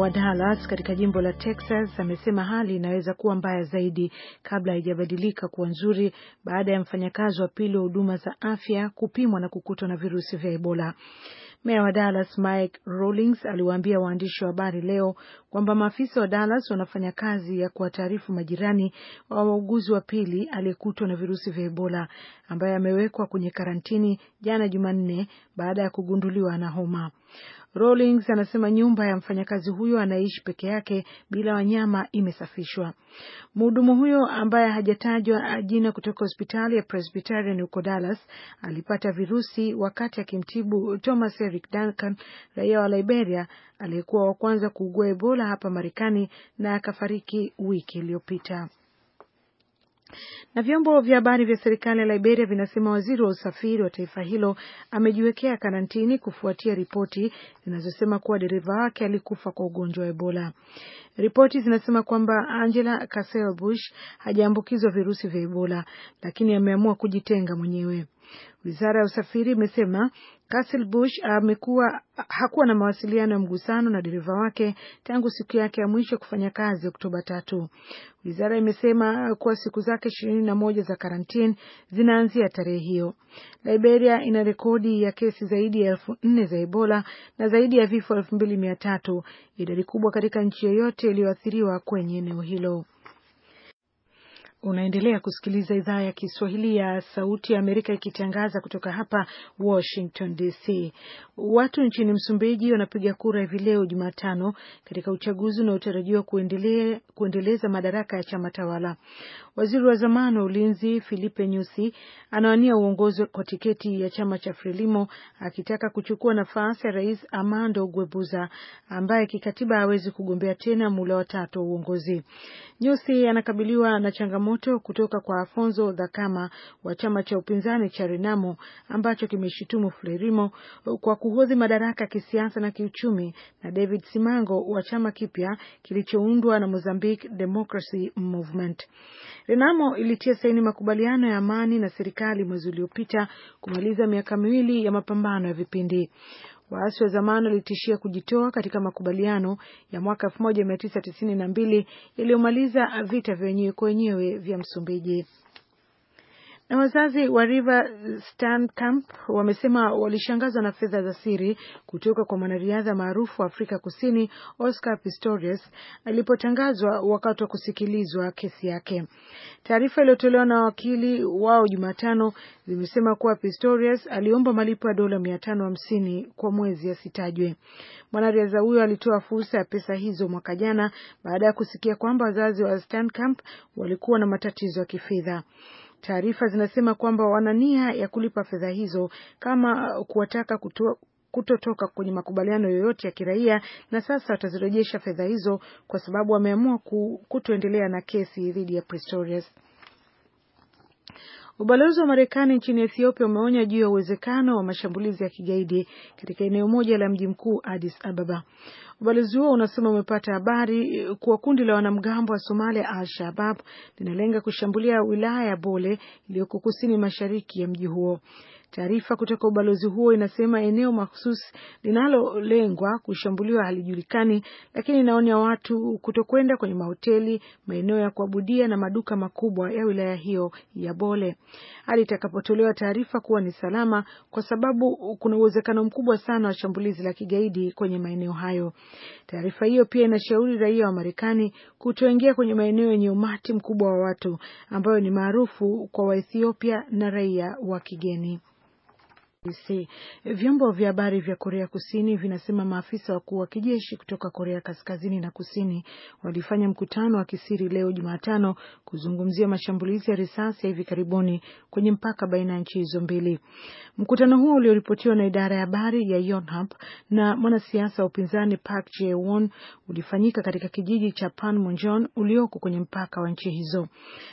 wa Dallas katika jimbo la Texas amesema hali inaweza kuwa mbaya zaidi kabla haijabadilika kuwa nzuri baada ya mfanyakazi wa pili wa huduma za afya kupimwa na kukutwa na virusi vya Ebola. Meya wa Dallas Mike Rawlings aliwaambia waandishi wa habari leo kwamba maafisa wa Dallas wanafanya kazi ya kuwataarifu majirani wa wauguzi wa pili aliyekutwa na virusi vya Ebola ambaye amewekwa kwenye karantini jana Jumanne baada ya kugunduliwa na homa. Rawlings anasema nyumba ya mfanyakazi huyo anaishi peke yake bila wanyama imesafishwa. Mhudumu huyo ambaye hajatajwa jina kutoka hospitali ya Presbyterian huko Dallas alipata virusi wakati akimtibu Thomas Eric Duncan, raia wa Liberia aliyekuwa wa kwanza kuugua Ebola hapa Marekani na akafariki wiki iliyopita. Na vyombo vya habari vya serikali ya Liberia vinasema waziri wa usafiri wa taifa hilo amejiwekea karantini kufuatia ripoti zinazosema kuwa dereva wake alikufa kwa ugonjwa wa Ebola. Ripoti zinasema kwamba Angela kasel Bush hajaambukizwa virusi vya Ebola, lakini ameamua kujitenga mwenyewe. Wizara ya usafiri imesema Kassil Bush ah, amekuwa hakuwa na mawasiliano ya mgusano na dereva wake tangu siku yake ya mwisho kufanya kazi Oktoba tatu. Wizara imesema kuwa siku zake ishirini na moja za karantini zinaanzia tarehe hiyo. Liberia ina rekodi ya kesi zaidi ya elfu nne za Ebola na zaidi ya vifo elfu mbili mia tatu idadi kubwa katika nchi yoyote iliyoathiriwa kwenye eneo hilo. Unaendelea kusikiliza idhaa ya Kiswahili ya Sauti ya Amerika ikitangaza kutoka hapa Washington DC. Watu nchini Msumbiji wanapiga kura hivi leo Jumatano katika uchaguzi unaotarajiwa kuendeleza madaraka ya chama tawala. Waziri wa zamani wa ulinzi Filipe Nyusi anawania uongozi kwa tiketi ya chama cha Frelimo akitaka kuchukua nafasi ya Rais Armando Guebuza ambaye kikatiba hawezi kugombea tena muhula wa tatu wa uongozi. Nyusi anakabiliwa na changamoto kutoka kwa Afonso Dhlakama wa chama cha upinzani cha Renamo ambacho kimeshutumu Frelimo kwa kuhodhi madaraka ya kisiasa na kiuchumi na David Simango wa chama kipya kilichoundwa na Mozambique Democracy Movement. Renamo ilitia saini makubaliano ya amani na serikali mwezi uliopita kumaliza miaka miwili ya mapambano ya vipindi. Waasi wa zamani walitishia kujitoa katika makubaliano ya mwaka 1992 yaliyomaliza vita vya wenyewe kwa wenyewe vya Msumbiji. Na wazazi wa River Stand Camp wamesema walishangazwa na fedha za siri kutoka kwa mwanariadha maarufu wa Afrika Kusini Oscar Pistorius alipotangazwa wakati wa kusikilizwa kesi yake. Taarifa iliyotolewa na wakili wao Jumatano zimesema kuwa Pistorius aliomba malipo ya dola mia tano hamsini kwa mwezi asitajwe. Mwanariadha huyo alitoa fursa ya pesa hizo mwaka jana baada ya kusikia kwamba wazazi wa Stand Camp walikuwa na matatizo ya kifedha. Taarifa zinasema kwamba wana nia ya kulipa fedha hizo kama uh, kuwataka kutoa kutotoka kwenye makubaliano yoyote ya kiraia na sasa watazirejesha fedha hizo kwa sababu wameamua kutoendelea na kesi dhidi ya Pretorius. Ubalozi wa Marekani nchini Ethiopia umeonya juu ya uwezekano wa mashambulizi ya kigaidi katika eneo moja la mji mkuu Addis Ababa. Ubalozi huo unasema umepata habari kuwa kundi la wanamgambo wa Somalia Al-Shabab linalenga kushambulia wilaya ya Bole iliyoko kusini mashariki ya mji huo. Taarifa kutoka ubalozi huo inasema eneo mahsusi linalolengwa kushambuliwa halijulikani, lakini inaonya watu kutokwenda kwenye mahoteli, maeneo ya kuabudia na maduka makubwa ya wilaya hiyo ya Bole hadi itakapotolewa taarifa kuwa ni salama, kwa sababu kuna uwezekano mkubwa sana wa shambulizi la kigaidi kwenye maeneo hayo. Taarifa hiyo pia inashauri raia wa Marekani kutoingia kwenye maeneo yenye umati mkubwa wa watu ambayo ni maarufu kwa Waethiopia na raia wa kigeni. FPC. Vyombo vya habari vya Korea Kusini vinasema maafisa wakuu wa kijeshi kutoka Korea Kaskazini na Kusini walifanya mkutano wa kisiri leo Jumatano kuzungumzia mashambulizi ya risasi ya hivi karibuni kwenye mpaka baina ya nchi hizo mbili. Mkutano huo ulioripotiwa na idara ya habari ya Yonhap na mwanasiasa wa upinzani Park Jae-won ulifanyika katika kijiji cha Panmunjom ulioko kwenye mpaka wa nchi hizo.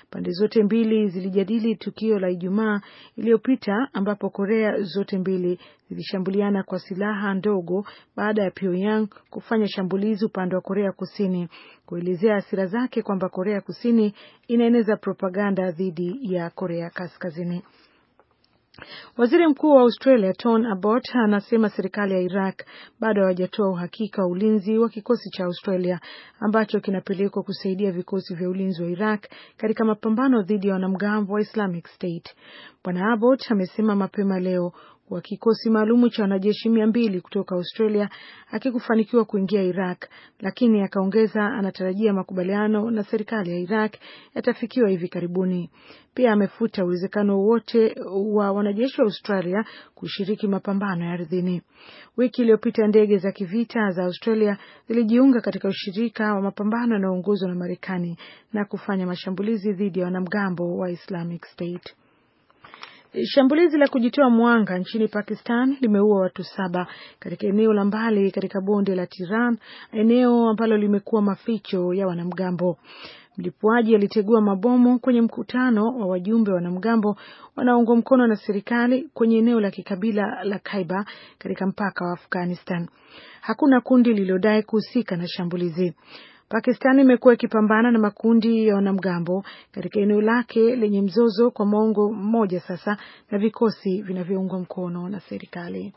Pande zote mbili zilijadili tukio la Ijumaa iliyopita ambapo Korea zote zote mbili zilishambuliana kwa silaha ndogo baada ya Pyongyang kufanya shambulizi upande wa Korea Kusini, kuelezea hasira zake kwamba Korea Kusini inaeneza propaganda dhidi ya Korea Kaskazini. Waziri Mkuu wa Australia Tony Abbott anasema serikali ya Iraq bado hawajatoa uhakika wa ulinzi wa kikosi cha Australia ambacho kinapelekwa kusaidia vikosi vya ulinzi wa Iraq katika mapambano dhidi ya wanamgambo wa Islamic State. Bwana Abbott amesema mapema leo wa kikosi maalum cha wanajeshi mia mbili kutoka Australia akikufanikiwa kuingia Iraq, lakini akaongeza anatarajia makubaliano na serikali ya Iraq yatafikiwa hivi karibuni. Pia amefuta uwezekano wote wa wanajeshi wa Australia kushiriki mapambano ya ardhini. Wiki iliyopita ndege za kivita za Australia zilijiunga katika ushirika wa mapambano yanayoongozwa na Marekani na kufanya mashambulizi dhidi ya wanamgambo wa Islamic State. Shambulizi la kujitoa mwanga nchini Pakistan limeua watu saba katika eneo la mbali katika bonde la Tiran, eneo ambalo limekuwa maficho ya wanamgambo. Mlipuaji alitegua mabomu kwenye mkutano wa wajumbe wa wanamgambo wanaoungwa mkono na serikali kwenye eneo la kikabila la Kaiba katika mpaka wa Afghanistan. Hakuna kundi lililodai kuhusika na shambulizi. Pakistan imekuwa ikipambana na makundi ya wanamgambo katika eneo lake lenye mzozo kwa mwongo mmoja sasa na vikosi vinavyoungwa mkono na serikali.